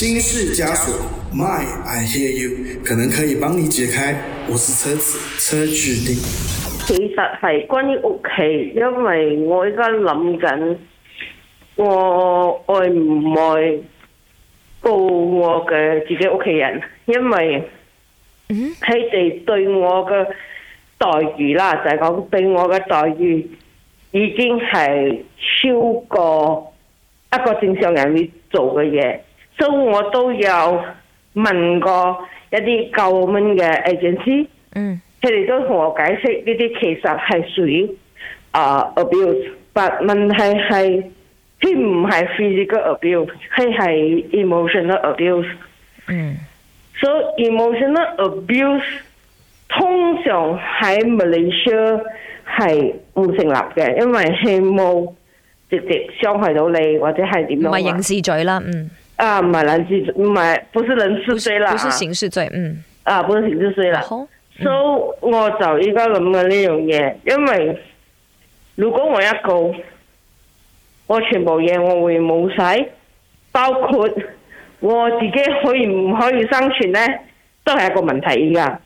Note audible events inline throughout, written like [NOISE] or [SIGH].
心事枷鎖，My I hear you，可能可以幫你解開。我是車主，車主丁。其實係關於屋企，因為我而家諗緊，我愛唔愛告我嘅自己屋企人，因為佢哋對我嘅待遇啦，就係、是、講對我嘅待遇已經係超過一個正常人會做嘅嘢。都我都有問過一啲舊問嘅律師，嗯，佢哋都同我解釋呢啲其實係屬於啊 abuse，但問題係佢唔係 physical abuse，佢係 emotional abuse。嗯，所以 emotional abuse 通常喺 Malaysia 係唔成立嘅，因為佢冇直接傷害到你或者係點樣。咪刑事罪啦，嗯。啊，唔係，唔係刑事罪啦，不是刑事罪，嗯，啊，不是刑事罪啦，好，所、嗯、以、so, 我就而家諗緊呢樣嘢，因為如果我一告，我全部嘢，我會冇晒，包括我自己可以唔可以生存呢，都係一個問題而家。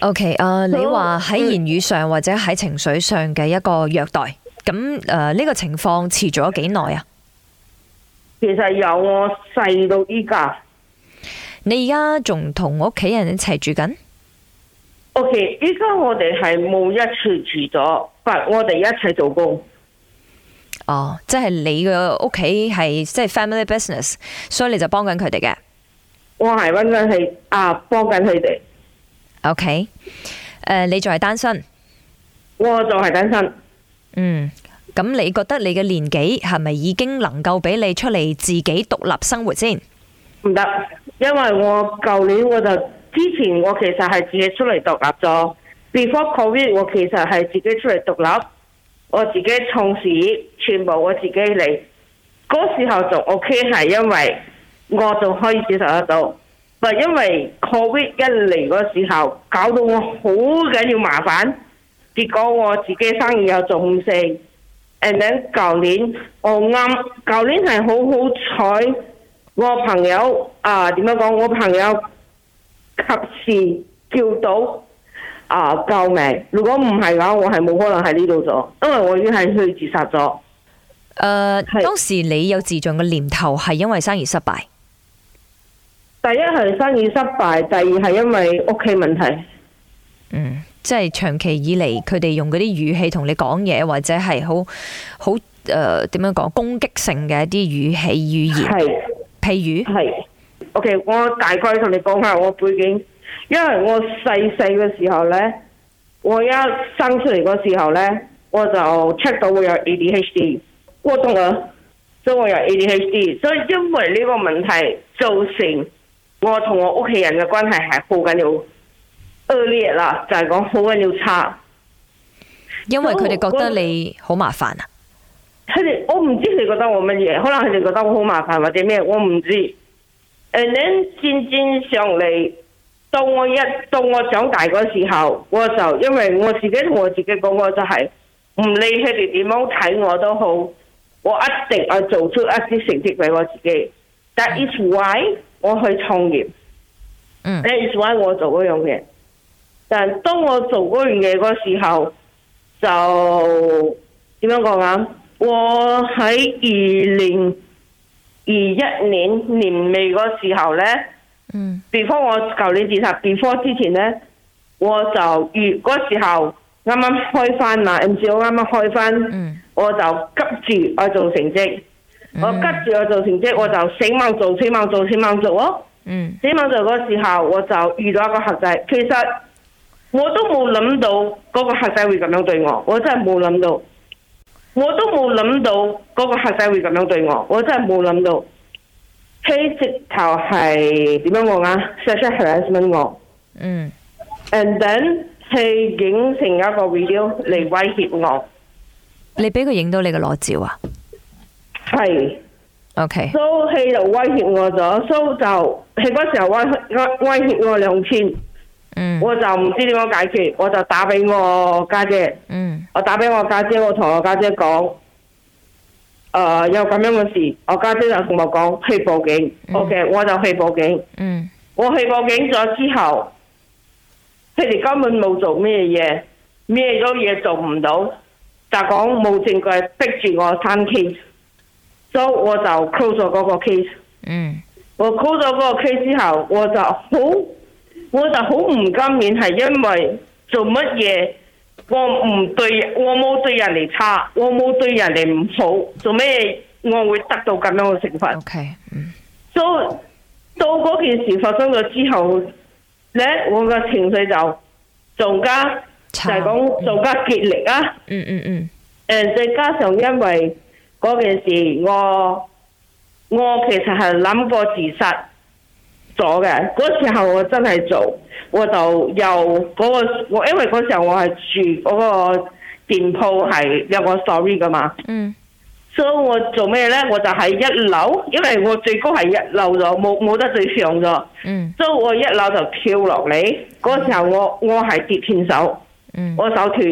O K，啊，so, 你話喺言語上或者喺情緒上嘅一個虐待，咁誒呢個情況持續咗幾耐啊？其實由我細到依家，你而家仲同屋企人一齊住緊？OK，依家我哋係冇一齊住咗，不，我哋一齊做工。哦，即係你嘅屋企係即係 family business，所以你就幫緊佢哋嘅。我係搵緊係啊，幫緊佢哋。OK，誒，你仲係單身？我就係單身。嗯。咁你覺得你嘅年紀係咪已經能夠俾你出嚟自己獨立生活先？唔得，因為我舊年我就之前我其實係自己出嚟獨立咗。Before COVID 我其實係自己出嚟獨立，我自己創事全部我自己嚟。嗰時候就 ok 係因為我仲可以接受得到，因為 COVID 一嚟嗰時候搞到我好緊要麻煩，結果我自己生意又做唔成。誒，舊年我啱，舊、哦、年係好好彩，我朋友啊點樣講？我朋友及時叫到啊、呃、救命！如果唔係嘅話，我係冇可能喺呢度咗，因為我已經係去自殺咗。誒、uh, 是，當時你有自盡嘅念頭，係因為生意失敗？第一係生意失敗，第二係因為屋企問題。嗯。Mm. 即係長期以嚟，佢哋用嗰啲語氣同你講嘢，或者係好好誒點樣講攻擊性嘅一啲語氣語言，是譬如係。OK，我大概同你講下我背景，因為我細細嘅時候咧，我一生出嚟嗰時候咧，我就 check 到我有 ADHD 過動啊，所以我有 ADHD，所以因為呢個問題造成我同我屋企人嘅關係係好緊要。啦，就係講好緊要差，因為佢哋覺得你好麻煩啊。佢哋我唔知佢哋覺得我乜嘢，可能佢哋覺得我好麻煩或者咩，我唔知。誒，你漸漸上嚟，到我一到我長大嗰時候，我就因為我自己同我自己講過就係、是，唔理佢哋點樣睇我都好，我一定要做出一啲成績俾我自己。Mm. That is why 我去創業。嗯。Mm. That is why 我做嗰樣嘢。但當我做嗰樣嘢嗰時候，就點樣講啊？我喺二零二一年年尾嗰時候咧，嗯，B 科我舊年自殺 B 科之前咧，我就預嗰時候啱啱開翻嗱，唔知我啱啱開翻，哦、嗯，我就急住我做成績，我急住我做成績，我就死猛做，死猛做，死猛做咯，嗯，死猛做嗰時候，我就遇到一個限仔。其實。我都冇諗到嗰個客仔會咁樣對我，我真係冇諗到。我都冇諗到嗰個客仔會咁樣對我，我真係冇諗到，到、啊。佢直頭係點樣講啊？Such a harassment 嗯。And then he 影成一個 video 嚟威脅我。你俾佢影到你嘅裸照啊？係是。OK so,。So he 就威脅我咗，So 就佢嗰時候威威威脅我兩千。Mm. 我就唔知點樣解決，我就打俾我家姐，姐、mm. 姐，姐，我打俾我家姐，姐，我同我家姐講，誒有咁樣嘅事，我家姐，姐就同我講去報警，O、okay, K、mm. 我就去報警，mm. 我去報警咗之後，佢哋根本冇做咩嘢，咩嘢都做唔到，就講冇證據逼住我刪 case，所以、so, 我就 close 咗嗰個 case、mm. 我 close 咗嗰個 case 之後，我就好。我就好唔甘面，係因為做乜嘢？我唔對，我冇對人哋差，我冇對人哋唔好，做咩我會得到咁樣嘅懲罰？到到嗰件事發生咗之後，咧我嘅情緒就仲加就係講仲加激烈啊！嗯嗯嗯。誒，再加上因為嗰件事，我我其實係諗過自殺。咗嘅嗰時候我真係做，我就由嗰個我，因為嗰時候我係住嗰個店鋪係有個 store 嘅嘛，嗯，所以我做咩咧？我就喺一樓，因為我最高係一樓咗，冇冇得最上咗，嗯，所以我一樓就跳落嚟，嗰時候我我係跌斷手，嗯，我手斷，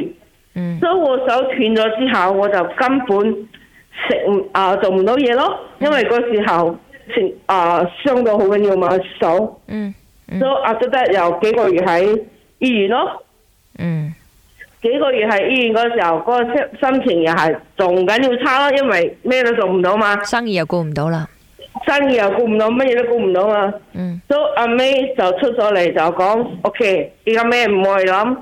嗯，嗯，所以我手斷咗之後，我就根本食唔啊做唔到嘢咯，因為嗰時候。啊，傷到好緊要嘛手，嗯，所以阿叔得又幾個月喺醫院咯，嗯，幾個月喺醫院嗰時候，嗰、嗰個心情又係仲緊要差咯，因為咩都做唔到嘛，生意又顧唔到啦，生意又顧唔到，乜嘢都顧唔到嘛，嗯，阿 May、so, 就出咗嚟就講，OK，而家咩唔可以諗，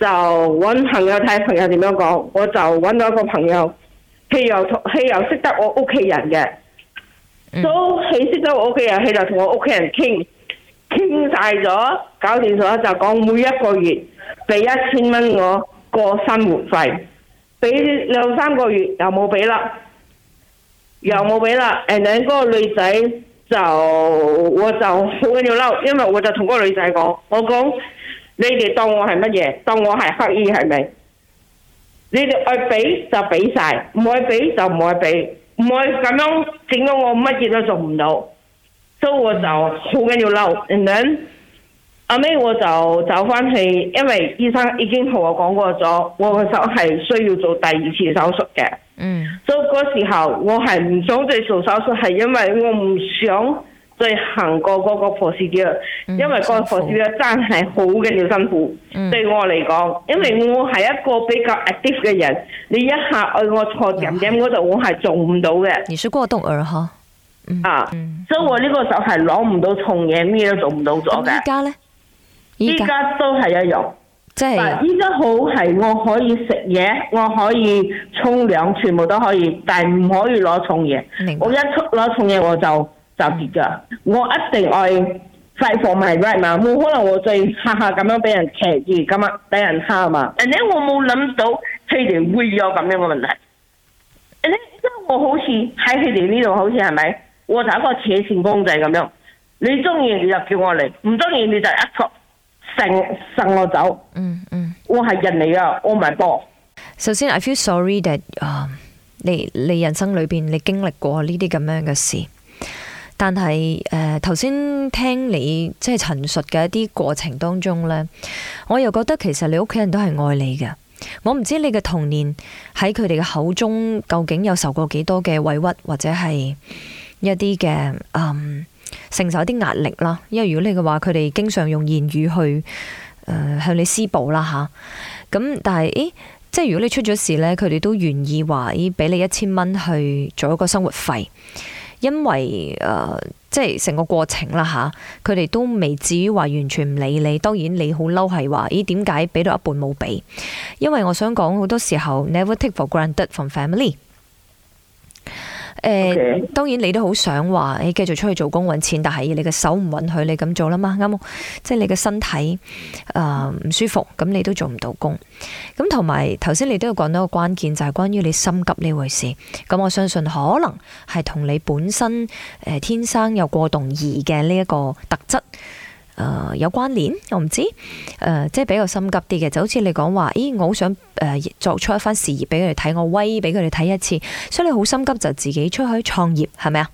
就搵朋友睇下，朋友點樣講，我就搵到一個朋友，佢又佢又識得我屋企人嘅。都起識咗我屋企人，起嚟同我屋企人傾傾晒咗，搞掂咗就講每一個月俾一千蚊我過生活費，俾兩三個月又冇俾啦，又冇俾啦。人哋嗰個女仔就我就好緊要嬲，因為我就同嗰個女仔講，我講你哋當我係乜嘢？當我係乞兒係咪？你哋愛俾就俾晒，唔愛俾就唔愛俾。唔會咁樣整到我乜嘢都做唔到，所以我就好緊要嬲，明唔明？後尾我就走翻去，因為醫生已經同我講過咗，我個手係需要做第二次手術嘅。嗯，所以嗰時候我係唔想再做手術，係因為我唔想。對行過嗰個婆士嘅，因為個婆士啊真係好緊要辛苦。對我嚟講，因為我係一個比較 active 嘅人，你一下嗌我坐緊嘅，我就我係做唔到嘅。你是過動兒嗬，啊，所以我呢個手係攞唔到重嘢，咩都做唔到咗嘅。依家咧，依家都係一樣，即係依家好係我可以食嘢，我可以沖涼，全部都可以，但係唔可以攞重嘢。我一出攞重嘢我就。特別噶，mm hmm. 我一定愛快放埋 right 嘛，冇可能我再下下咁樣俾人騎住，咁樣俾人蝦嘛。And then 我冇諗到佢哋會有咁樣嘅問題。And then 我好似喺佢哋呢度，好似係咪？我就一個扯線公仔咁樣，你中意你就叫我嚟，唔中意你就一腳成順我走。嗯嗯、mm，hmm. 我係人嚟噶，我唔係波。首先，I feel sorry that，、uh, 你你人生裏邊你經歷過呢啲咁樣嘅事。但係，誒頭先聽你即係陳述嘅一啲過程當中呢，我又覺得其實你屋企人都係愛你嘅。我唔知你嘅童年喺佢哋嘅口中究竟有受過幾多嘅委屈，或者係一啲嘅、嗯、承受一啲壓力啦。因為如果你嘅話，佢哋經常用言語去、呃、向你施暴啦吓，咁但係，誒、欸、即係如果你出咗事呢，佢哋都願意話，誒，俾你一千蚊去做一個生活費。因為、呃、即係成個過程啦嚇，佢哋都未至於話完全唔理你。當然你好嬲係話，咦點解畀到一半冇畀？因為我想講好多時候，never take for granted from family。誒當然你都好想話誒繼續出去做工揾錢，但係你嘅手唔允許你咁做啦嘛，啱即係你嘅身體呃、唔舒服，咁你都做唔到工。咁同埋頭先你都有講到一個關鍵，就係、是、關於你心急呢回事。咁我相信可能係同你本身誒、呃、天生有過動兒嘅呢一個特質。呃、有關聯，我唔知，呃。即係比較心急啲嘅，就好似你講話，咦，我好想誒、呃、作出一番事業俾佢哋睇，我威俾佢哋睇一次，所以你好心急就自己出去創業，係咪啊？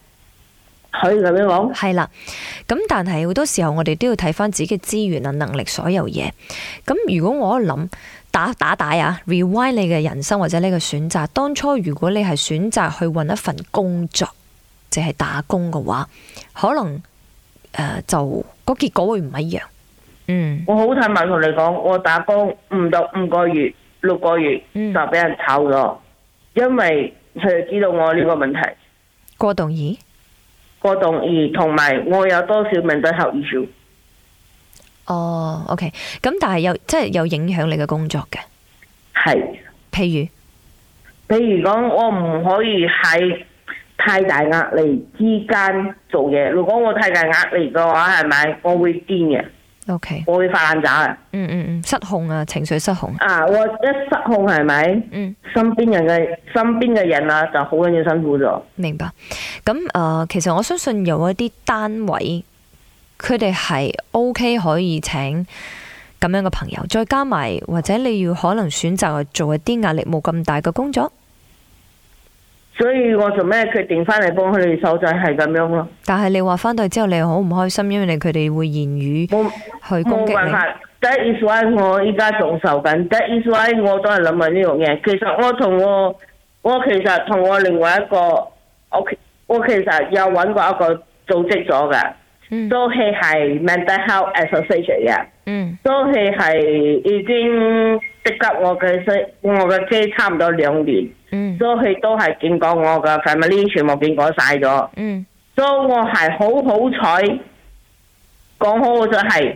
可以咁樣講，係啦，咁但係好多時候我哋都要睇翻自己嘅資源啊、能力、所有嘢。咁如果我一諗打、打打底啊，rewind 你嘅人生或者呢個選擇，當初如果你係選擇去揾一份工作，即、就、係、是、打工嘅話，可能、呃、就。個結果會唔一樣？嗯，我好坦白同你講，我打工唔到五個月，六個月就俾人炒咗，因為佢哋知道我呢個問題。過動兒，過動兒，同埋我有多少名的後遺症？哦，OK，咁但係有即係有影響你嘅工作嘅。係，譬如譬如講我唔可以喺太大壓力之間做嘢，如果我太大壓力嘅話，係咪我會癲嘅？O K，我會發爛渣啦。嗯嗯嗯，失控啊，情緒失控。啊，我一失控係咪？嗯，身邊人嘅身邊嘅人啊，就好緊要辛苦咗。明白。咁誒、呃，其實我相信有一啲單位，佢哋係 O K 可以請咁樣嘅朋友，再加埋或者你要可能選擇嚟做一啲壓力冇咁大嘅工作。所以我做咩決定翻嚟幫佢哋手仔係咁樣咯？但係你話翻到去之後你好唔開心，因為你佢哋會言語去攻擊你。冇辦法，that is why 我依家仲受緊，that is why 我都係諗下呢樣嘢。其實我同我我其實同我另外一個我，我其實有揾過一個組織咗嘅，都係係 mental health association 嘅，都係係已經。即係我嘅車，我嘅車差唔多兩年，mm. 所以都係都係見過我嘅，family 全部見過晒咗。嗯、mm. so，mm. 所以我係好好彩，講好我就係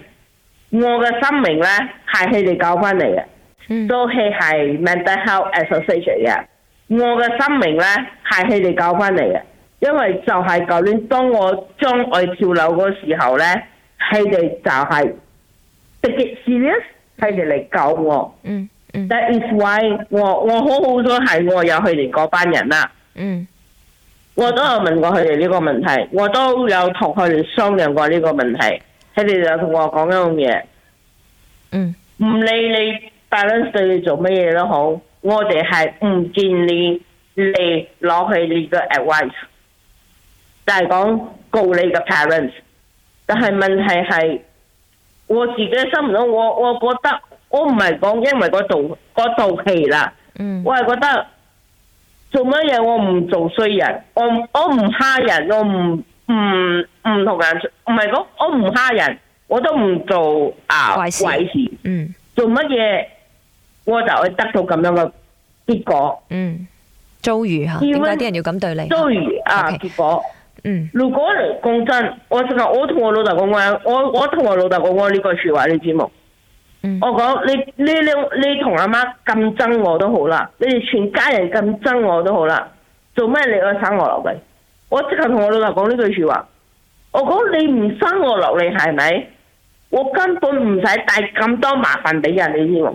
我嘅生命咧係佢哋救翻嚟嘅，都係係 mental health association 嘅。我嘅生命咧係佢哋救翻嚟嘅，因為就係舊年當我將要跳樓嗰時候咧，佢哋就係、是。佢哋嚟救我。嗯 That is why 我我好好多係我有佢哋嗰班人啦、啊。嗯，mm. 我都有問過佢哋呢個問題，我都有同佢哋商量過呢個問題，佢哋就同我講呢樣嘢。嗯、mm.，唔理你 parents 做乜嘢都好，我哋係唔建議你攞去你嘅 advice，就係講告你嘅 parents。但係問題係。我自己心中，我我覺得我唔係講，因為嗰道，嗯、我嗰道嗰道氣啦，我係覺得做乜嘢我唔做衰人，我我唔蝦人，我唔唔唔同人，唔係講我唔蝦人，我都唔做啊壞事，嗯，做乜嘢我就會得到咁樣嘅結果，嗯，遭遇吓，點解啲人要咁對你？遭遇啊，Okay. 結果。嗯、如果嚟講真，我最近我同我老豆講話、嗯、話，我我同我老豆講過呢句說話，你知冇？我講，你你你你同阿媽咁憎我都好啦，你哋全家人咁憎我都好啦，做咩你要生我落嚟？我即刻同我老豆講呢句說話，我講，你唔生我落嚟係咪？我根本唔使帶咁多麻煩俾人，你知冇？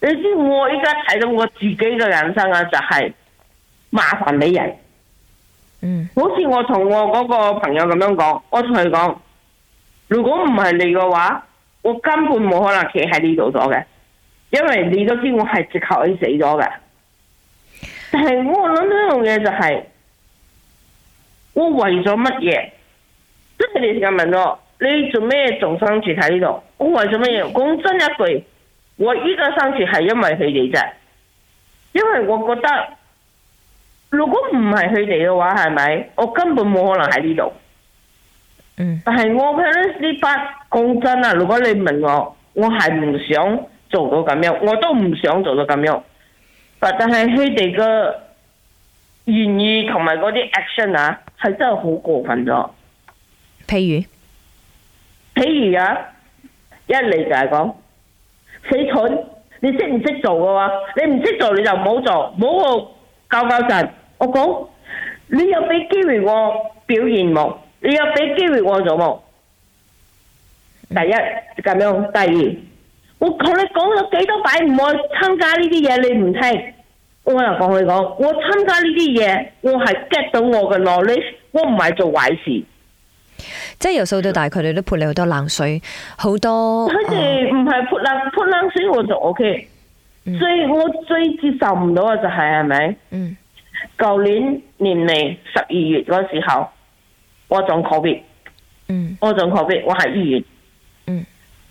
你知我依家睇到我自己嘅人生啊，就係麻煩俾人。嗯， [NOISE] 好似我同我嗰個朋友咁樣講，我同佢講，如果唔係你嘅話，我根本冇可能企喺呢度咗嘅，因為你都知我係直頭死咗嘅。但係我諗到一樣嘢就係、是，我為咗乜嘢？即係你而家問我，你做咩仲生存喺呢度？我為咗乜嘢？講真一句，我依家生存係因為佢哋啫，因為我覺得。如果唔係佢哋嘅話，係咪？我根本冇可能喺呢度。嗯。但係我憑呢啲講真啊！如果你問我，我係唔想做到咁樣，我都唔想做到咁樣。但係佢哋嘅原意同埋嗰啲 action 啊，係真係好過分咗。譬如譬如啊，一嚟就係講死蠢，你識唔識做嘅話，你唔識做你就唔好做，唔好教教神。我講，你有俾機會我表現冇？你有俾機會我做冇？第一咁樣，第二，我同你講咗幾多擺，我參加呢啲嘢你唔聽。我又講佢講，我參加呢啲嘢，我係 get 到我嘅咯。你我唔係做壞事。即係由細到大，佢哋都潑你好多冷水，好多。佢哋唔係潑冷潑冷水，我就 OK。所以我最接受唔到嘅就係係咪？嗯。舊年年尾十二月嗰時候，我仲告別，嗯，我仲告別，我係醫院，嗯，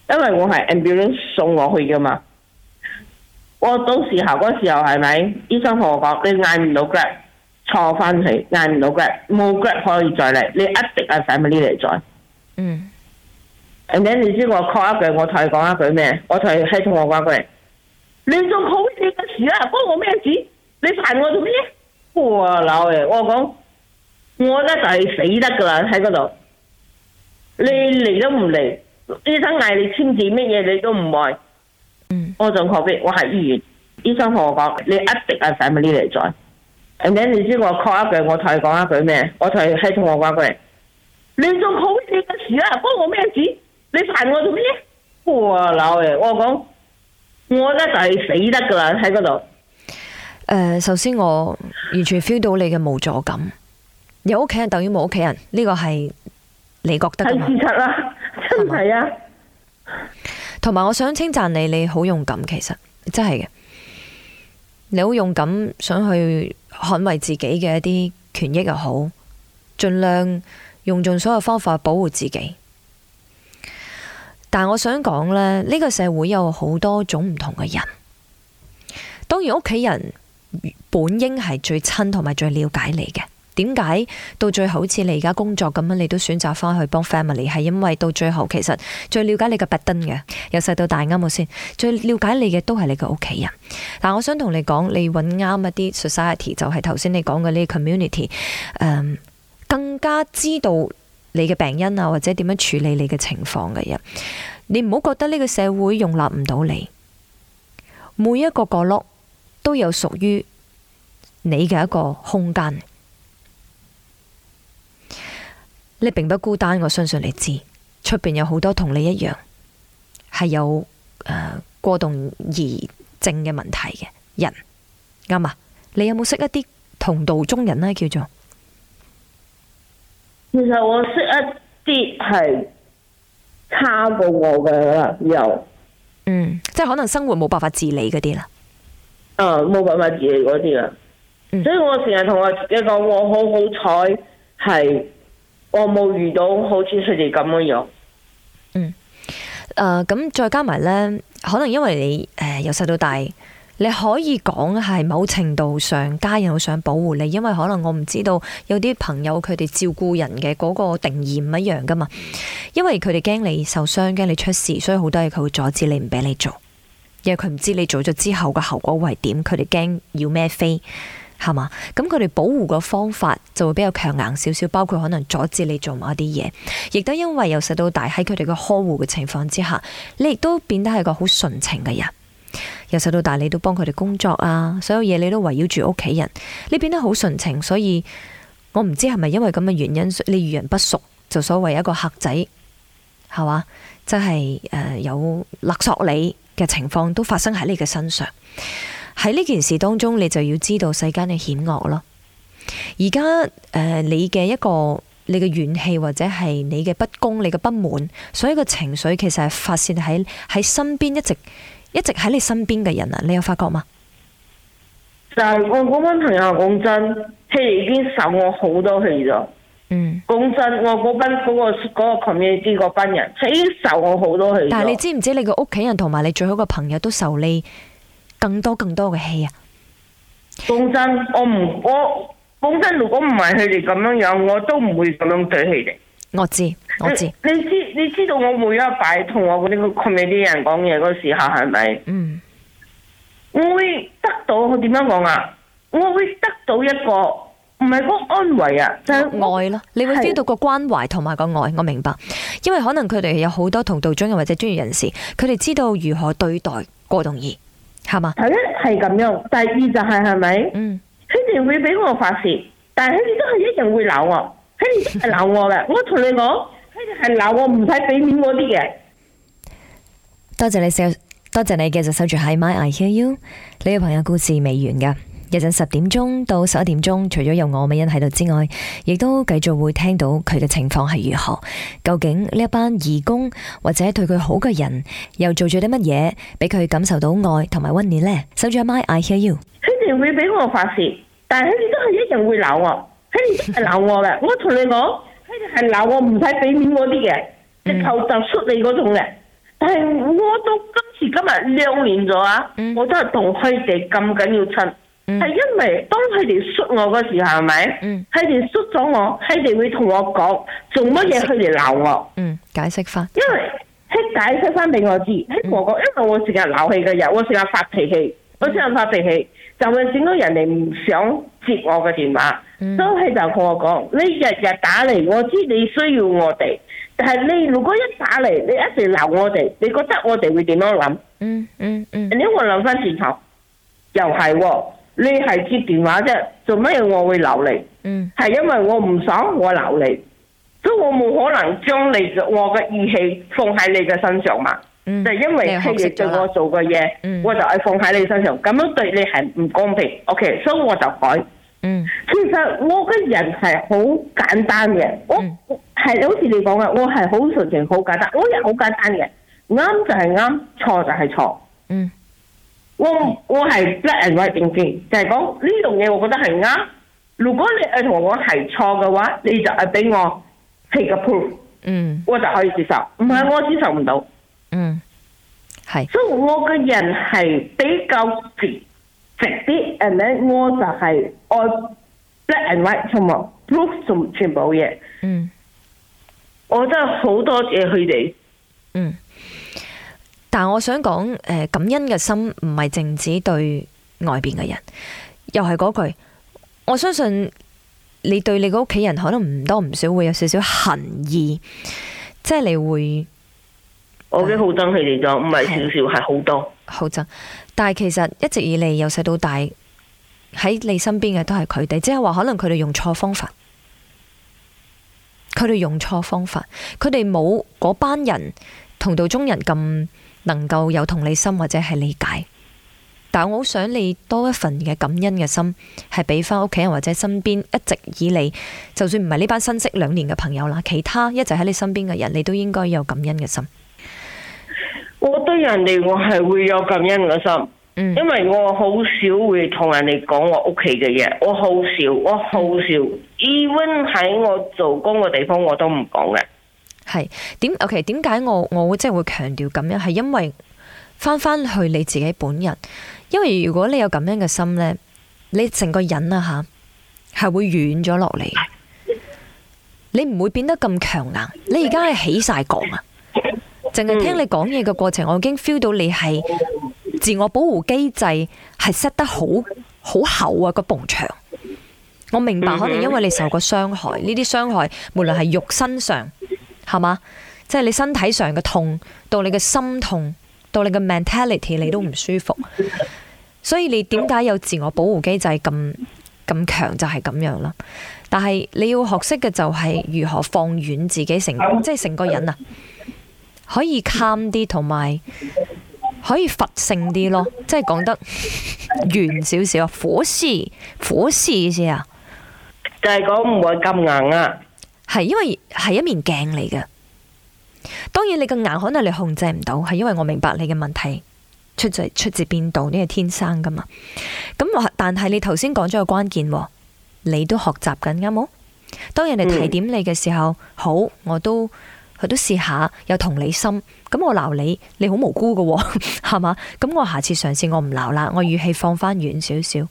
因為我係 ambulance 送我去噶嘛，我到時候嗰時候係咪醫生同我講你嗌唔到 Grab，錯翻去嗌唔到 Grab 冇 Grab 可以再嚟，你一直喺 f a 呢嚟再來。嗯」嗯 and then 你知我 call 一句，我同你講一句咩？我同你喺同我講句，你仲好事嘅事啊，關我咩事？你煩我做咩？我老爺，我講我咧就係死得噶啦喺嗰度，你嚟都唔嚟，醫生嗌你簽字乜嘢你都唔愛，嗯，我仲何必？我喺醫院，醫生同我講，你一直係使咪呢嚟再。人哋你知我 call 一句，我同你講一句咩？我同佢喺同我講句，你仲好事嘅事啦，關我咩事？你煩我做咩？我老爺，我講我咧就係死得噶啦喺嗰度。首先我完全 feel 到你嘅無助感，有屋企人等於冇屋企人，呢個係你覺得嘅嘛？係事實啦，係啊。同埋，啊，我想稱讚你，你好勇敢，其實真係嘅。你好勇敢，想去捍衛自己嘅一啲權益又好，盡量用盡所有方法保護自己。但係我想講呢，呢、呢個社會有好多種唔同嘅人，當然屋企人，本應係最親同埋最了解你嘅，點解到最後好似你而家工作咁樣，你都選擇翻去幫 family？係因為到最後其實最了解你嘅 b l 嘅，由細到大啱我先，最了解你嘅都係你嘅屋企人。嗱，我想同你講，你搵啱一啲 society，就係頭先你講嘅呢 community，更加知道你嘅病因啊，或者點樣處理你嘅情況嘅人，你唔好覺得呢個社會容納唔到你，每一個角落都有屬於你嘅一個空間，你並不孤單。我相信你知，出邊有好多同你一樣係有誒過動兒症嘅問題嘅人，啱啊！你有冇識一啲同道中人呢？叫做，其實我識一啲係差過我嘅啦，又，嗯，即係可能生活冇辦法自理嗰啲啦。冇辦法自己嗰啲啦，所以我成日同我自己講，我好好彩，係我冇遇到好似佢哋咁嘅樣。嗯，誒、呃，咁再加埋呢，可能因為你誒由細到大，你可以講係某程度上，家人好想保護你，因為可能我唔知道有啲朋友佢哋照顧人嘅嗰個定義唔一樣噶嘛，因為佢哋驚你受傷，驚你出事，所以好多嘢佢會阻止你，唔俾你做。因為佢唔知你做咗之後嘅後果會係點，佢哋驚要咩飛係嘛，咁佢哋保護個方法就會比較強硬少少，包括可能阻止你做某一啲嘢，亦都因為由細到大喺佢哋嘅呵護嘅情況之下，你亦都變得係個好純情嘅人。由細到大，你都幫佢哋工作啊，所有嘢你都圍繞住屋企人，你變得好純情，所以我唔知係咪因為咁嘅原因，你遇人不淑就所謂一個客仔係嘛？即係誒、呃、有勒索你。嘅情況都發生喺你嘅身上。喺呢件事當中，你就要知道世間嘅險惡咯。而家誒，你嘅一個你嘅怨氣或者係你嘅不公、你嘅不滿，所以個情緒其實係發洩喺喺身邊一直一直喺你身邊嘅人啊，你有發覺嗎？就我嗰班朋友講真，即係已經受我好多氣咗。講真，我嗰班嗰個嗰個群嘢啲班人，受我好多氣。但係你知唔知你個屋企人同埋你最好嘅朋友都受你更多更多嘅氣啊？講真，我唔我講真，如果唔係佢哋咁樣樣，我都唔會咁樣對佢哋。我知我知，你知你知道我每一擺同我嗰啲群嘢啲人講嘢嗰個時候係咪？是不是？嗯，我會得到我點樣講啊？我會得到一個。唔係個安慰啊，即係、愛咯。你會 feel 到個關懷同埋個愛，是的 我明白。因為可能佢哋有好多同道中人或者專業人士，佢哋知道如何對待過動兒，係嘛？第一係咁樣，第二就係係咪？嗯，佢哋會俾我發泄，但係佢哋都係一樣會鬧我，佢哋都係鬧我嘅。 [LAUGHS] 我同你講，佢哋係鬧我唔使俾面我啲嘅。多謝你，多謝你繼續守住喺 My I Hear You 你個朋友故事未完嘅。一陣十點鐘到十一點鐘，除咗有我美欣喺度之外，亦都繼續會聽到佢嘅情況係如何？究竟呢一班義工或者對佢好嘅人又做咗啲乜嘢，俾佢感受到愛同埋温暖呢？守住咪，I hear you。佢哋會俾我發泄，但係佢哋都係一樣會鬧我，佢哋都係鬧我嘅。 [LAUGHS] 我同你講，佢哋係鬧我唔使俾面嗰啲嘅，直、嗯、頭就出你嗰種嘅。但係我到今時今日兩年咗啊，嗯、我都係同佢哋咁緊要親。係、嗯、因為當佢哋疏我嘅時候，係咪？嗯。佢哋疏咗我，佢哋會同我講做乜嘢？佢哋鬧我。嗯，解釋翻、嗯。因為佢解釋翻俾我知，喺我講因為我成日鬧氣嘅人，我成日發脾氣，嗯、我成日發脾氣就會整到人哋唔想接我嘅電話。嗯。所以就同我講：你日日打嚟，我知你需要我哋，但係你如果一打嚟，你一直鬧我哋，你覺得我哋會點樣諗？嗯嗯嗯。你會諗翻轉頭，又係、哦。你係接電話啫，做乜嘢？我會留你？係、嗯、因為我唔想我留你，所以我冇可能將你我嘅義氣放喺你嘅身上嘛。嗯、就因為佢哋對我做嘅嘢，嗯、我就係放喺你的身上。咁、嗯、樣對你係唔公平。OK，所以我就改。嗯、其實我嘅人係好簡單嘅，我係、嗯、好似你講嘅，我係好純情、好簡單。我人好簡單嘅，啱就係啱，錯就係錯。嗯。我我係 black and white 定見，就係講呢樣嘢，我覺得係啱。如果你誒同我提錯嘅話，你就誒俾我係個 proof，嗯，我就可以接受。唔係我接受唔到，嗯，嗯，係。所以、so, 我個人係比較直直啲，而且我就係、是、愛 black and white，同埋 proof 全全部嘢，部嗯，我真係好多謝佢哋，嗯。但係我想講，誒，感恩嘅心唔係淨止對外邊嘅人，又係嗰句，我相信你對你嘅屋企人可能唔多唔少會有少少恨意，即係你會，我嘅好憎佢哋就唔係少少，係好多好憎。但係其實一直以嚟由細到大喺你身邊嘅都係佢哋，即係話可能佢哋用錯方法，佢哋用錯方法，佢哋冇嗰班人同道中人咁。能夠有同理心或者係理解，但係我好想你多一份嘅感恩嘅心，係俾翻屋企人或者身邊一直以嚟，就算唔係呢班新識兩年嘅朋友啦，其他一直喺你身邊嘅人，你都應該有感恩嘅心。我覺得人哋我係會有感恩嘅心，嗯、因為我好少會同人哋講我屋企嘅嘢，我好少，我好少，even 喺我做工嘅地方我都唔講嘅。係點？OK，點解我我即係會強調咁樣？係因為翻翻去你自己本人，因為如果你有咁樣嘅心呢，你成個人啊，吓係會軟咗落嚟，你唔會變得咁強硬。你而家係起晒講啊，淨係聽你講嘢嘅過程，我已經 feel 到你係自我保護機制係塞得好好厚啊個屏障。我明白，可能因為你受過傷害，呢啲傷害無論係肉身上。係嘛？即係你身體上嘅痛，到你嘅心痛，到你嘅 mentality，你都唔舒服。所以你點解有自我保護機制咁咁強？強就係咁樣啦。但係你要學識嘅就係如何放軟自己成，即係成個人啊，可以 calm 啲，同埋可以佛性啲咯。即係講得圓少少啊。火師，火師先啊。就係講唔會咁硬啊。係因為係一面鏡嚟嘅，當然你個眼可能你控制唔到，係因為我明白你嘅問題出在出自邊度，呢係天生噶嘛。咁但係你頭先講咗個關鍵，你都學習緊，啱冇？當人哋提點你嘅時候，嗯、好我都佢都試下有同理心。咁我鬧你，你好無辜噶、啊，係嘛？咁我下次嘗試我唔鬧啦，我語氣放翻軟少少。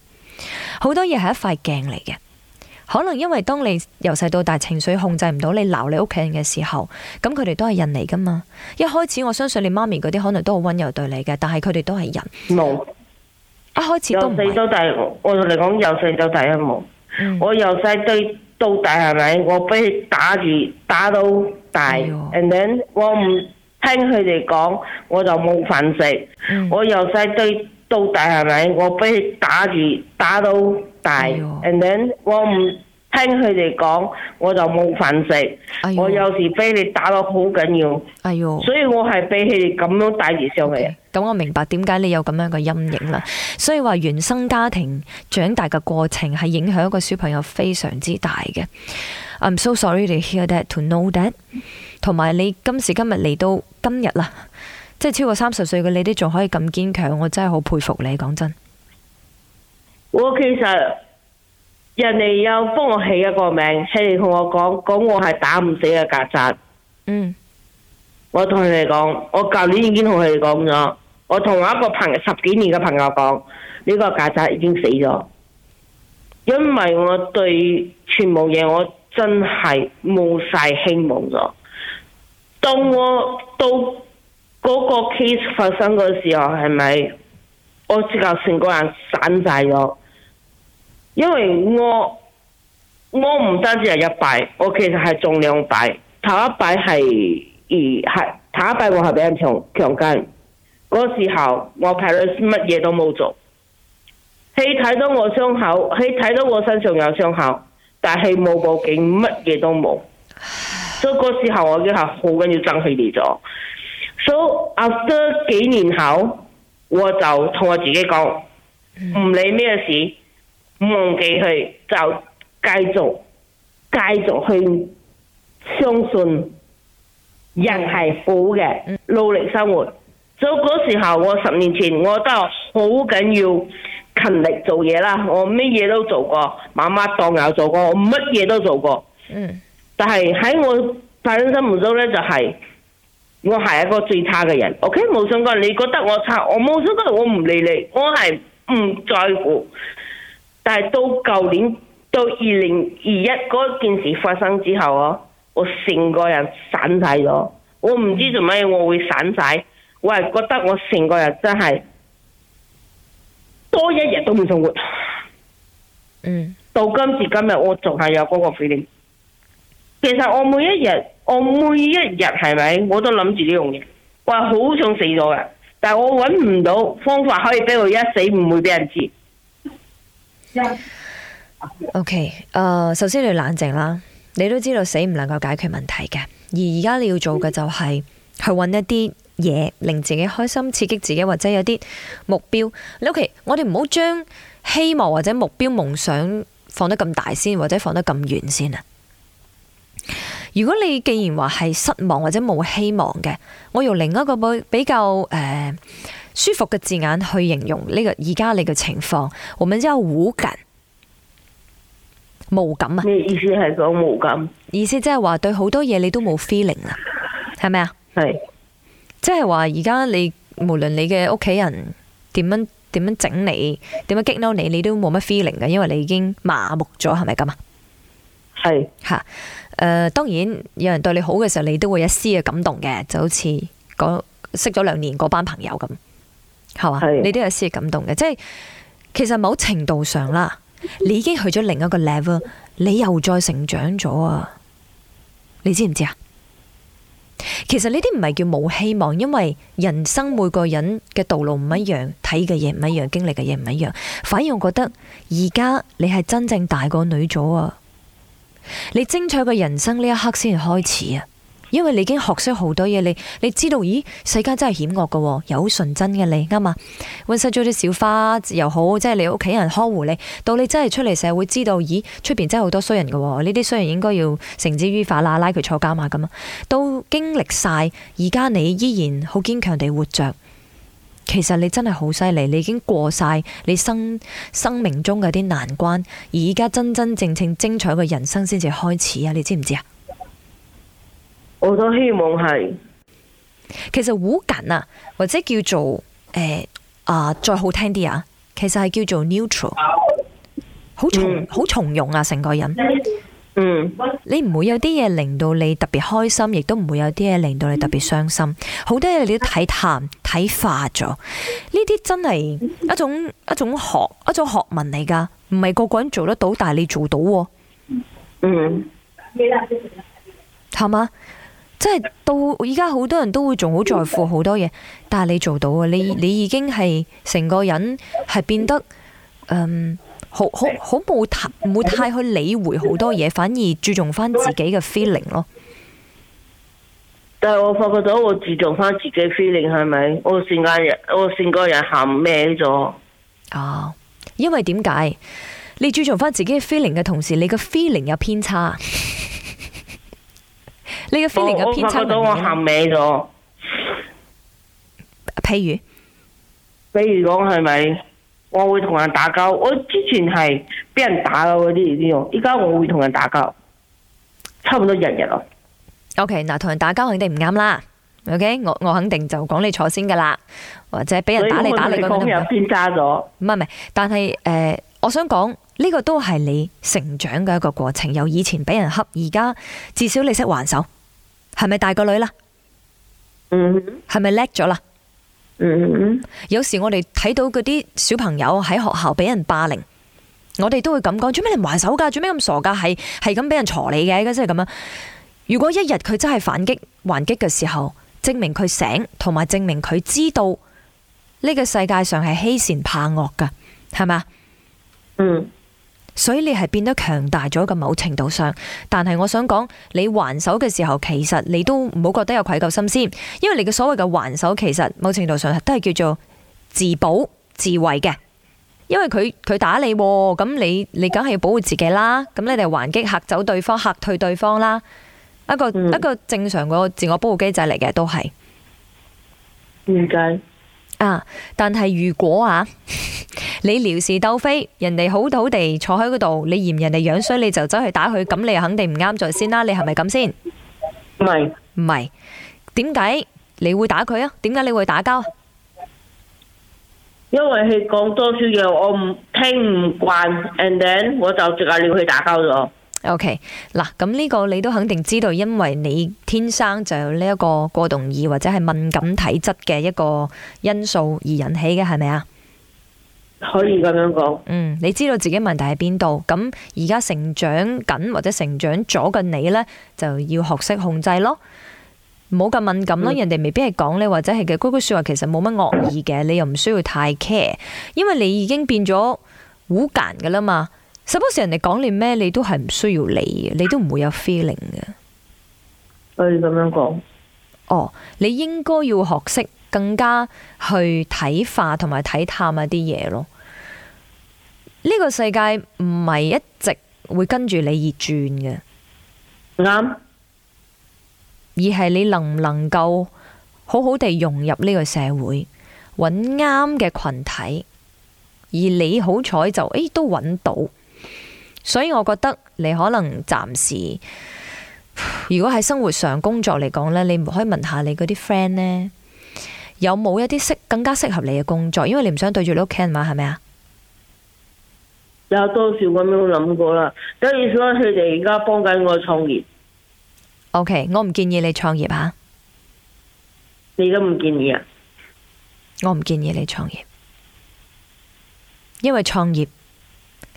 好多嘢係一塊鏡嚟嘅。可能因為當你由細到大情緒控制唔到，你鬧你屋企人嘅時候，咁佢哋都係人嚟噶嘛。一開始我相信你媽咪嗰啲可能都好溫柔對你嘅，但係佢哋都係人。冇，No，一開始都唔係。由細到大，我同你講由細到大啊，冇。我由細到到大係咪？我俾佢打住打到大，然後我唔聽佢哋講，我就冇飯食。我由細到到大係咪？我俾佢打住打到。大，然 And、哎、呦我唔聽佢哋講，我就冇飯食。哎、呦我有時俾你打到好緊要，所以我係俾佢哋咁樣帶住上嚟。咁我明白點解你有咁樣嘅陰影啦。所以話原生家庭長大嘅過程係影響一個小朋友非常之大嘅。I'm so sorry to hear that, to know that。同埋你今時今日嚟到今日啦，即係超過三十歲嘅你都仲可以咁堅強，我真係好佩服你。講真。我其實人哋又幫我起一個名，係同我講，講我係打唔死嘅曱甴。嗯，我同佢哋講，我舊年已經同佢哋講咗，我同我一個朋友，十幾年嘅朋友講，呢個曱甴已經死咗，因為我對全部嘢我真係冇晒希望咗。當我到嗰個 case 發生嗰時候，係咪我只夠成個人散晒咗？因為我我唔單止係一擺，我其實係中兩擺。頭一擺，係二係，頭一擺我係俾人強強姦。嗰時候我 parents 乜嘢都冇做，佢睇到我傷口，佢睇到我身上有傷口，但係冇報警，乜嘢都冇。所以嗰時候我已經係好緊要憎佢哋咗。所以 after 幾年後，我就同我自己講，唔理咩事。忘記佢就繼續繼續去相信人係好嘅，努力生活。就嗰時候，我十年前我都好緊要勤力做嘢啦。我乜嘢都做過，媽媽當有做過，我乜嘢都做過。嗯。但係喺我內心深處咧，就係我係一個最差嘅人。O K，冇想過，你覺得我差，我冇想過，我唔理你，我係唔在乎。但係到舊年到二零二一嗰件事發生之後啊，我成個人散晒咗。我唔知做咩，我會散晒。嗯、我係覺得我成個人真係多一日都唔想活。嗯、到今時今日我仲係有嗰個 feeling。其實我每一日，我每一日係咪我都諗住呢樣嘢。我係好想死咗嘅，但係我揾唔到方法可以俾佢一死唔會俾人知。O K，誒，首先你要冷靜啦，你都知道死唔能夠解決問題嘅，而而家你要做嘅就係去搵一啲嘢令自己開心，刺激自己，或者有啲目標。你 OK，我哋唔好將希望或者目標、夢想放得咁大先，或者放得咁遠先啊。如果你既然話係失望或者冇希望嘅，我用另一個比比較誒。呃舒服嘅字眼去形容呢個而家你嘅情況，我們知有好感、無感啊。你的意思係講無感，意思即係話對好多嘢你都冇 feeling 啦，係咪啊？係 [LAUGHS] 吧，即係話而家你無論你嘅屋企人點樣點樣整你，點樣激嬲你，你都冇乜 feeling 嘅，因為你已經麻木咗，係咪咁啊？係吓，誒，當然有人對你好嘅時候，你都會一絲嘅感動嘅，就好似講識咗兩年嗰班朋友咁。係嘛？是是你都有一絲感動嘅，即係其實某程度上啦，你已經去咗另一個 level，你又再成長咗啊！你知唔知啊？其實呢啲唔係叫冇希望，因為人生每個人嘅道路唔一樣，睇嘅嘢唔一樣，經歷嘅嘢唔一樣。反而我覺得而家你係真正大個女咗啊！你精彩嘅人生呢一刻先係開始啊！因為你已經學識好多嘢，你你知道，咦，世間真係險惡嘅，有好純真嘅你，啱嘛？溫室中啲小花又好，即係你屋企人呵護你，到你真係出嚟社會，知道咦，出邊真係好多衰人嘅，呢啲衰人應該要繩之於法啦，拉佢坐監啊咁啊！都經歷晒，而家你依然好堅強地活着，其實你真係好犀利，你已經過晒你生生命中嘅啲難關，而而家真真正正精彩嘅人生先至開始啊！你知唔知啊？我都希望係，其實好近啊，或者叫做誒、欸、啊，再好聽啲啊，其實係叫做 neutral，好從好、嗯、從容啊，成個人。嗯，你唔會有啲嘢令到你特別開心，亦都唔會有啲嘢令到你特別傷心。好、嗯、多嘢你都睇淡睇化咗，呢啲真係一種一種學一種學問嚟噶，唔係個個人做得到，但係你做到、哦。嗯，係嘛？即係到依家，好多人都會仲好在乎好多嘢，但係你做到啊！你你已經係成個人係變得、嗯、好好好冇太唔會太去理會好多嘢，反而注重翻自己嘅 feeling 咯。但係我發覺到我注重翻自己 feeling 係咪？我個性格我成個人喊咩咗？哦、啊，因為點解你注重翻自己 feeling 嘅同時，你個 feeling 有偏差？呢 feeling 嘅偏差，到我喊歪咗。譬如，譬如講係咪我會同人打交？我之前係俾人打咯嗰啲呢種，依家我會同人打交，差唔多日日咯。O K，嗱，同人打交肯定唔啱啦。O K，我我肯定就講你坐先噶啦，或者俾人打你人打你咁樣。我哋講偏差咗。唔係唔係，但係誒、呃，我想講。呢個都係你成長嘅一個過程，由以前俾人恰，而家至少你識還手，係咪大個女啦？嗯、mm，係咪叻咗啦？Mm hmm. 有時我哋睇到嗰啲小朋友喺學校俾人霸凌，我哋都會咁講，做咩你唔還手噶？做咩咁傻噶？係係咁俾人挫你嘅？即係咁啊！如果一日佢真係反擊還擊嘅時候，證明佢醒，同埋證明佢知道呢個世界上係欺善怕惡噶，係咪？嗯、mm。Hmm. 所以你係變得強大咗嘅某程度上，但係我想講，你還手嘅時候，其實你都唔好覺得有愧疚心先，因為你嘅所謂嘅還手，其實某程度上都係叫做自保自衛嘅，因為佢佢打你，咁你你梗係要保護自己啦，咁你哋還擊嚇走對方，嚇退對方啦，一個、嗯、一個正常個自我保護機製嚟嘅，都係，點解。啊！但係如果啊，你撩事鬥非，人哋好好地坐喺嗰度，你嫌人哋樣衰，你就走去打佢，咁你肯定唔啱在先啦。你係咪咁先？唔係唔係？點解你會打佢啊？點解你會打交啊？因為佢講多句嘢，我唔聽唔慣，and then 我就直接撩佢打交咗。O K，嗱，咁呢個你都肯定知道，因為你天生就有呢一個過動兒或者係敏感體質嘅一個因素而引起嘅，係咪啊？可以咁樣講。嗯，你知道自己問題喺邊度？咁而家成長緊或者成長咗嘅你呢，就要學識控制咯，唔好咁敏感咯。嗯，人哋未必係講你，或者係嘅嗰句說話，其實冇乜惡意嘅，你又唔需要太 care，因為你已經變咗好勁嘅啦嘛。時不時人哋講你咩，你都係唔需要理嘅，你都唔會有 feeling 嘅。可以咁樣講。哦，你應該要學識更加去睇化同埋睇探一啲嘢咯。呢個世界唔係一直會跟住你而轉嘅，啱。而係你能唔能夠好好地融入呢個社會，揾啱嘅群體。而你好彩就誒、哎、都揾到。所以我覺得你可能暫時，如果喺生活上工作嚟講呢，你唔可以問下你嗰啲 friend 呢，有冇一啲適更加適合你嘅工作？因為你唔想對住你屋企人話，係咪啊？有多少咁樣諗過啦？所以佢哋而家幫緊我創業。OK，我唔建議你創業吓，你都唔建議啊？我唔建議你創業，因為創業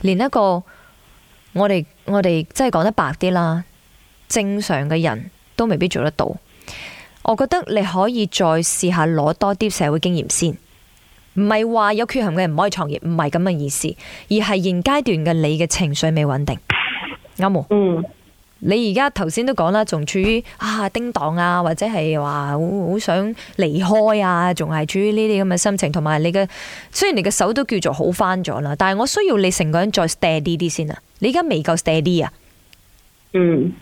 連一個。我哋我哋即係講得白啲啦，正常嘅人都未必做得到。我覺得你可以再試下攞多啲社會經驗先，唔係話有缺陷嘅人唔可以創業，唔係咁嘅意思，而係現階段嘅你嘅情緒未穩定。啱冇。嗯你而家頭先都講啦，仲處於啊叮當啊，或者係話好好想離開啊，仲係處於呢啲咁嘅心情，同埋你嘅雖然你嘅手都叫做好返咗啦，但係我需要你成個人再 stay 啲啲先啊！你而家未夠 stay 啲啊？嗯，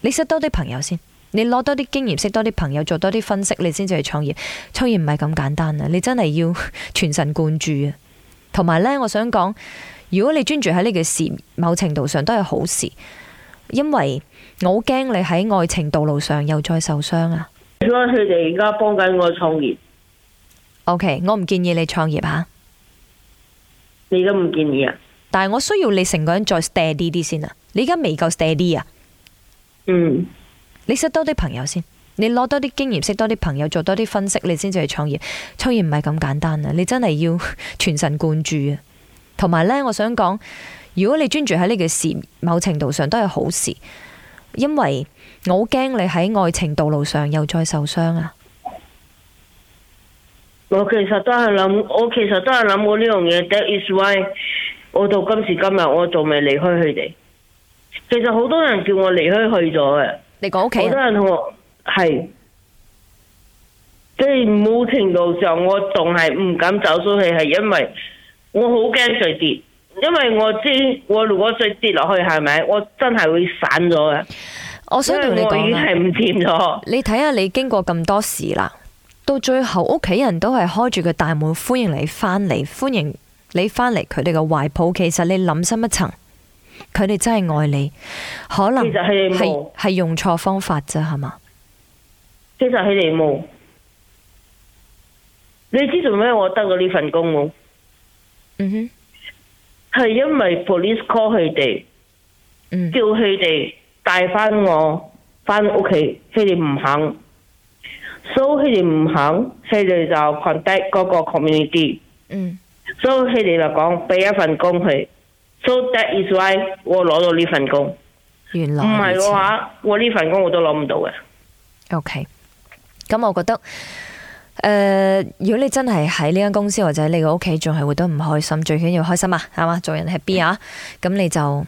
你識多啲朋友先，你攞多啲經驗，識多啲朋友，做多啲分析，你先至去創業。創業唔係咁簡單啊！你真係要全神貫注啊！同埋呢，我想講，如果你專注喺呢件事，某程度上都係好事。因為我好驚你喺愛情道路上又再受傷啊！如果佢哋而家幫緊我創業，OK，我唔建議你創業吓，你都唔建議啊？但係我需要你成個人再嗲啲啲先啊！你而家未夠嗲啲啊？嗯，你識多啲朋友先，你攞多啲經驗，識多啲朋友，做多啲分析，你先至去創業。創業唔係咁簡單啊！你真係要全神貫注啊！同埋呢，我想講。如果你專注喺呢件事，某程度上都係好事，因為我好驚你喺愛情道路上又再受傷啊我是！我其實都係諗，我其實都係諗過呢樣嘢。That is why 我到今時今日我仲未離開佢哋。其實好多人叫我離開去咗嘅，你講屋企？好多人同我係，即係某程度上我仲係唔敢走出去，係因為我好驚佢跌。因為我知我如果再跌落去係咪我真係會散咗嘅？我想同你講係唔掂咗。你睇下你經過咁多事啦，到最後屋企人都係開住個大門歡迎你翻嚟，歡迎你翻嚟佢哋嘅懷抱。其實你諗深一層，佢哋真係愛你。可能其實佢哋冇係用錯方法啫，係嘛？其實佢哋冇。你知做咩我得過呢份工冇？嗯哼。係因為 police call 佢哋，叫佢哋帶翻我翻屋企，佢哋唔肯，so 佢哋唔肯，佢哋就 contact 嗰個 community，so 佢哋嚟講俾一份工佢，so that is why 我攞到呢份工，原來唔係嘅話我呢份工我都攞唔到嘅。OK，咁我覺得。誒、呃，如果你真係喺呢間公司或者你個屋企仲係活得唔開心，最緊要開心，開心啊，係嘛，嗯？做人係 B 啊，咁你就嘗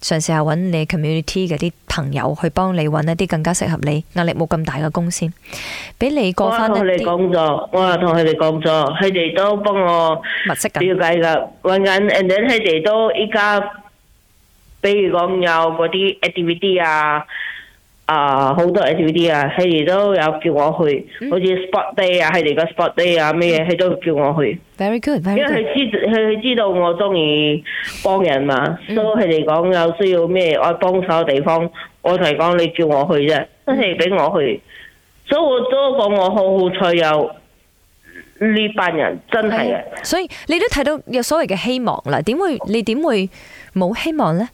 試下揾你 community 嘅啲朋友去幫你揾一啲更加適合你壓力冇咁大嘅公司，俾你過翻同佢哋講咗，講，講我同佢哋講咗，佢哋都幫我物色緊，了解噶，搵緊，而且佢哋都依家，比如講有嗰啲 activity 啊。啊，好多 S，V，D 啊，佢哋都有叫我去，好似 spot day 啊，佢哋個 spot day 啊，咩嘢，佢都叫我去。Very good, very good。因為佢知，佢知道我中意幫人嘛，所以佢哋講有需要咩愛幫手地方，我就係講你叫我去啫，真係俾我去。所以我都講我好好彩有呢班人，真係啊。所以你都睇到有所謂嘅希望啦，點會你點會冇希望咧？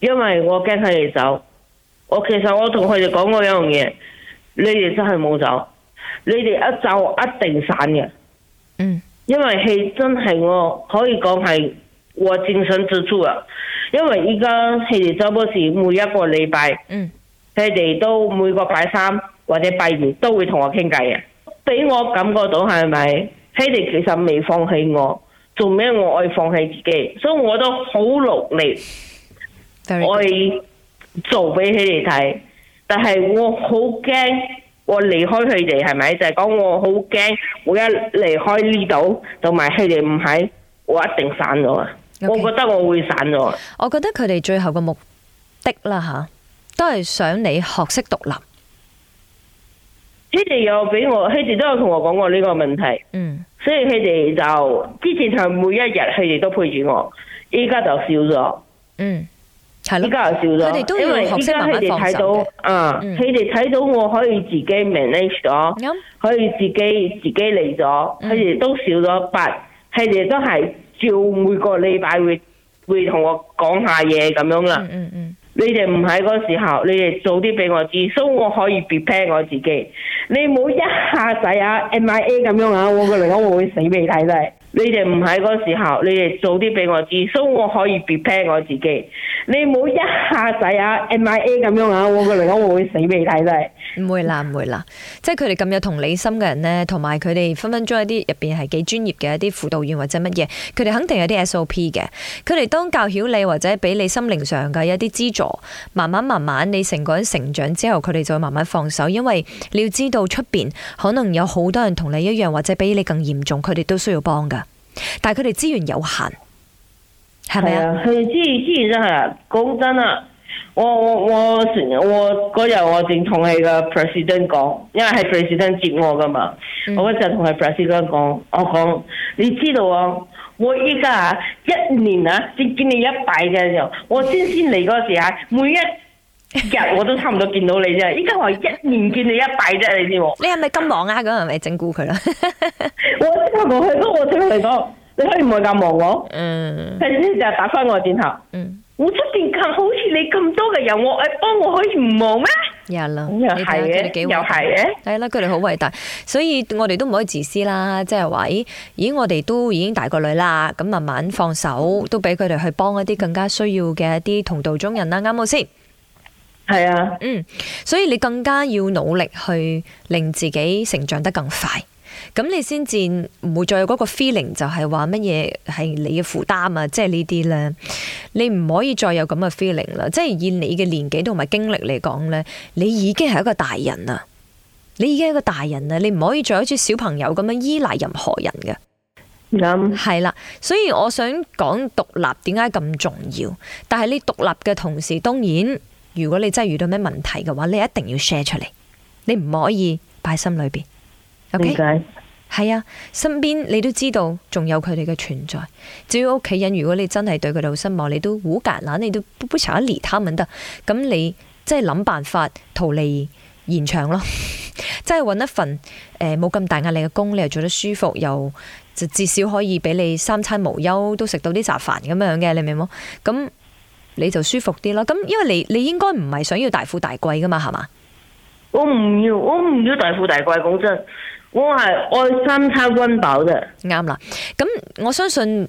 因為我驚佢哋走，我其實我同佢哋講過一樣嘢，你哋真係冇走，你哋一走一定散嘅。嗯我的，因為佢真係我可以講係我精神支柱啊。因為依家佢哋走嗰時每一個禮拜，嗯，佢哋都每個拜三或者拜二都會同我傾偈嘅，俾我感覺到係咪？佢哋其實未放棄我，做咩我會放棄自己？所以我都好努力。Very 我做俾佢哋睇，但係我好驚我離開佢哋，係咪就係、是、講，我好驚我一離開呢度，同埋佢哋唔喺，我一定散咗啊！Okay. 我覺得我會散咗啊！我覺得佢哋最後嘅目的啦吓，都係想你學識獨立。佢哋有俾我，佢哋都有同我講過呢個問題。嗯，所以佢哋就之前係每一日佢哋都陪住我，依家就少咗。嗯。依家又少咗，因為依家佢哋睇到，啊，佢哋睇到我可以自己 manage 咗，可以自己自己嚟咗，佢哋都少咗八，佢哋都係照每個禮拜會會同我講下嘢咁樣啦。你哋唔喺嗰時候，你哋早啲俾我知，所以我可以 prepare 我自己。你唔好一下仔啊，MIA 咁樣啊，我個嚟講，我會死畀你睇。你哋唔喺嗰時候，你哋早啲俾我知，所以我可以 prepare 我自己。你唔好一下子啊 MIA 咁樣啊！我個嚟講，我會死俾你睇真係。唔 [LAUGHS] 會啦，唔會啦。即係佢哋咁有同理心嘅人咧，同埋佢哋分分鐘一啲入邊係幾專業嘅一啲輔導員或者乜嘢，佢哋肯定有啲 SOP 嘅。佢哋當教曉你或者俾你心靈上嘅一啲資助，慢慢慢慢你成個人成長之後，佢哋就會慢慢放手，因為你要知道出邊可能有好多人同你一樣或者比你更嚴重，佢哋都需要幫噶。但係佢哋資源有限，係咪啊？係資源資源真係啊！講真啊，我我我我嗰日我正同佢個 president 講，因為係 president 接我噶嘛，嗯、我嗰陣同佢 president 講，我講你知道啊，我依家啊一年啊見見你一拜嘅時候，我先先嚟嗰時啊，每一日我都差唔多見到你啫，依家我一年見你一拜啫，你知冇？你係咪金王啊？嗰陣咪整蠱佢啦！ [LAUGHS] 我去咯，我聽佢講，你可以唔會咁忙我，嗯，係你就打翻我個電話，嗯，我出邊咁好似你咁多嘅人，我誒，幫我可以唔忙咩？又諗，又係嘅，又係嘅，係啦，佢哋好偉大，所以我哋都唔可以自私啦，即係話，咦我哋都已經大個女啦，咁慢慢放手，都俾佢哋去幫一啲更加需要嘅一啲同道中人啦，啱唔啱先？係啊的，嗯，所以你更加要努力去令自己成長得更快。咁你先至唔會再有嗰個 feeling，就係話乜嘢係你嘅負擔啊？即係呢啲咧，你唔可以再有咁嘅 feeling 啦。即係以你嘅年紀同埋經歷嚟講咧，你已經係一個大人啦。你已經係一個大人啦，你唔可以再好似小朋友咁樣依賴任何人嘅。咁係啦，所以 [LAUGHS] 我想講獨立點解咁重要。但係你獨立嘅同時，當然如果你真係遇到咩問題嘅話，你一定要 share 出嚟。你唔可以擺喺心裏邊。理解。Okay? 係啊，身邊你都知道，仲有佢哋嘅存在。至於屋企人，如果你真係對佢哋好失望，你都好格懶，你都杯茶一理他們得。咁你即係諗辦法逃離現場咯，即係搵一份冇咁、呃、大壓力嘅工，你又做得舒服，又就至少可以俾你三餐無憂，都食到啲雜飯咁樣嘅。你明冇？咁你就舒服啲咯。咁因為你你應該唔係想要大富大貴噶嘛，係嘛？我唔要，我唔要大富大貴。講真。我係愛三餐溫飽嘅，啱啦。咁我相信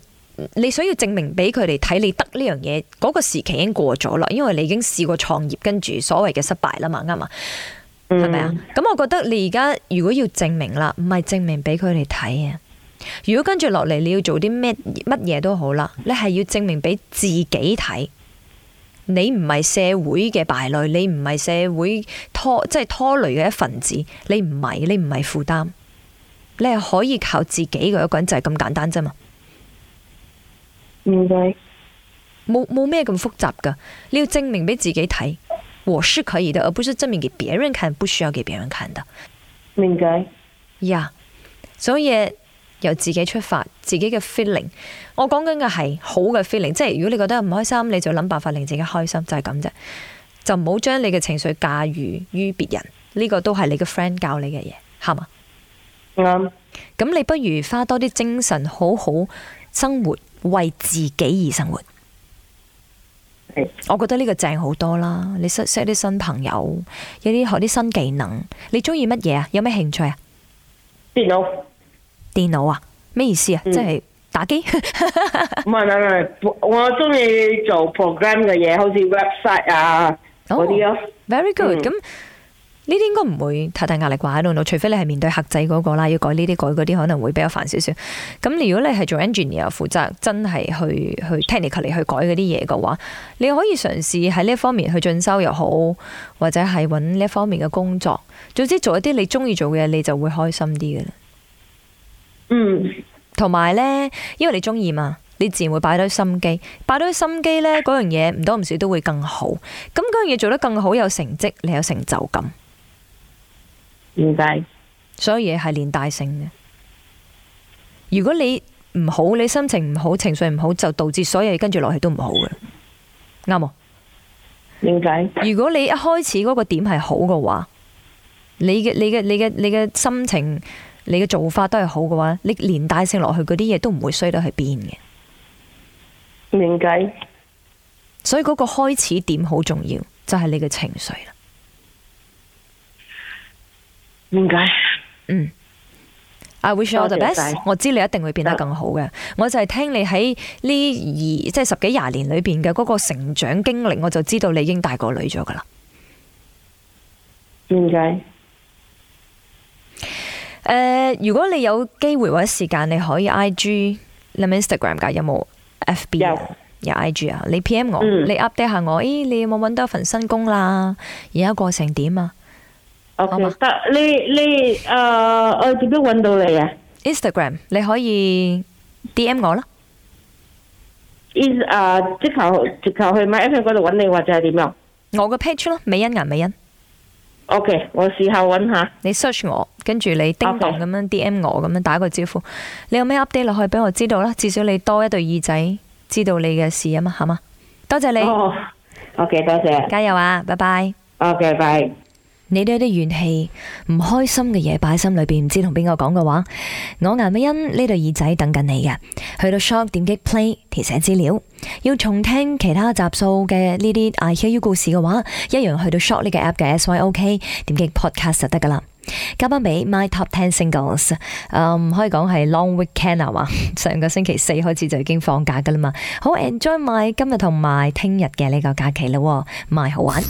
你想要證明俾佢哋睇，你得呢樣嘢，嗰個時期已經過咗啦，因為你已經試過創業，跟住所謂嘅失敗啦嘛，啱嘛？係咪啊？咁我覺得你而家如果要證明啦，唔係證明俾佢哋睇啊。如果跟住落嚟你要做啲咩乜嘢都好啦，你係要證明俾自己睇。你唔係社會嘅敗類，你唔係社會拖即係拖累嘅一份子，你唔係，你唔係負擔，你係可以靠自己嘅一個人就係、是、咁簡單啫嘛。明解謝？冇，冇咩咁複雜噶，你要證明俾自己睇。我是可以的，而不是證明給別人看，不需要給別人看的。明解謝？呀，Yeah. 所以。由自己出發，自己嘅 feeling。我講緊嘅係好嘅 feeling，即係如果你覺得唔開心，你就諗辦法令自己開心，就係咁啫。就唔好將你嘅情緒駕馭於別人，呢個都係你嘅 friend 教你嘅嘢，係嘛？啱、嗯。咁你不如花多啲精神，好好生活，為自己而生活。嗯、我覺得呢個正好多啦。你識識啲新朋友，有啲學啲新技能。你中意乜嘢啊？有咩興趣啊？有。電腦啊，咩意思啊？嗯、即係打機。唔 [LAUGHS] 係我中意做 program 嘅嘢，好似 website 啊嗰啲，oh, 啊、Very good、嗯。咁呢啲應該唔會太大壓力啩喺度，除非你係面對客仔嗰、嗰個啦，要改呢啲改嗰啲，可能會比較煩少少。咁如果你係做 engineer 負責真係去去 technical 嚟去改嗰啲嘢嘅話，你可以嘗試喺呢一方面去進修又好，或者係搵呢一方面嘅工作。總之做一啲你中意做嘅嘢，你就會開心啲嘅啦。嗯，同埋呢，因為你中意嘛，你自然會擺多啲心機，擺多啲心機呢，嗰樣嘢唔多唔少都會更好。咁嗰樣嘢做得更好，有成績，你有成就感。了解謝，所有嘢係連帶性嘅。如果你唔好，你心情唔好，情緒唔好，就導致所有嘢跟住落去都唔好嘅。啱啊，了解謝。如果你一開始嗰個點係好嘅話，你嘅你嘅你嘅你嘅心情。你嘅做法都係好嘅話，你連帶性落去嗰啲嘢都唔會衰得去邊嘅。明解？所以嗰個開始點好重要，就係、是、你嘅情緒啦、嗯。唔計，嗯，I wish all the best。我知你一定會變得更好嘅。我就係聽你喺呢二即係十幾廿年裏邊嘅嗰個成長經歷，我就知道你已經大個女咗噶啦。明解？誒，如果你有機會或者時間，你可以 I G、拉 Instagram 噶有冇 F B 有有 I G 啊？你 P M 我，你 update 下我，咦，你有冇搵到份新工啦？而家過程點啊？O K 得你你誒，我點樣搵到你啊？Instagram 你可以 D M 我囉。In 誒，直頭直頭去 my page 嗰度搵你或者係點啊？我個 page 咯，美欣顏美欣。O、okay, K，我試下搵下你 search 我，跟住你叮當咁樣 D M 我，咁樣 Okay. 打個招呼。你有咩 update 落去畀我知道啦，至少你多一對耳仔知道你嘅事啊嘛，好嗎？多謝你。O K，多謝。加油啊！拜拜。O K，拜拜。你都有啲怨氣，唔開心嘅嘢，擺喺心裏邊，唔知同邊個講嘅話，我顏美欣呢對耳仔等緊你嘅。去到 shop 點擊 play 填寫資料。要重聽其他集數嘅呢啲 I hear you 故事嘅話，一樣去到 shop 呢個 app 嘅 SYOK 點擊 podcast 就得噶啦。加翻畀 my top ten singles，唔、um，可以講係 long weekend 啊嘛，上個星期四開始就已經放假噶啦嘛，好 enjoy my 今日同埋 my 聽日嘅呢個假期咯，my 好玩。